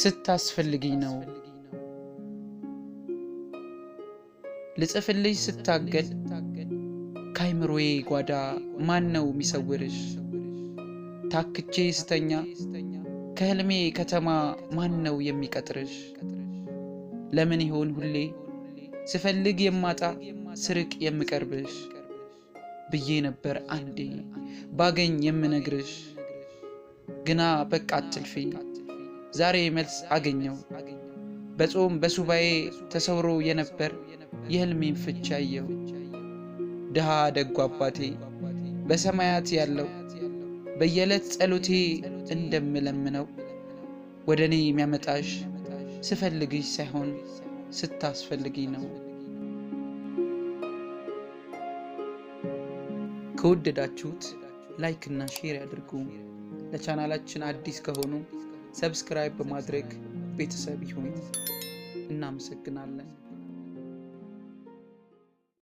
ስታስፈልግኝ ነው። ልጽፍልሽ ስታገል ከአይምሮዬ ጓዳ ማን ነው የሚሰውርሽ? ታክቼ ስተኛ ከህልሜ ከተማ ማን ነው የሚቀጥርሽ? ለምን ይሆን ሁሌ ስፈልግ የማጣ ስርቅ የምቀርብሽ? ብዬ ነበር አንዴ ባገኝ የምነግርሽ፣ ግና በቃ አትልፊ ዛሬ መልስ አገኘው። በጾም በሱባኤ ተሰውሮ የነበር የህልሜን ፍቻ አየሁ። ድሃ ደጉ አባቴ በሰማያት ያለው በየዕለት ጸሎቴ እንደምለምነው ወደ እኔ የሚያመጣሽ ስፈልግሽ ሳይሆን ስታስፈልግኝ ነው። ከወደዳችሁት ላይክ ሼር ያድርጉ። ለቻናላችን አዲስ ከሆኑ ሰብስክራይብ በማድረግ ቤተሰብ ይሁን። እናመሰግናለን።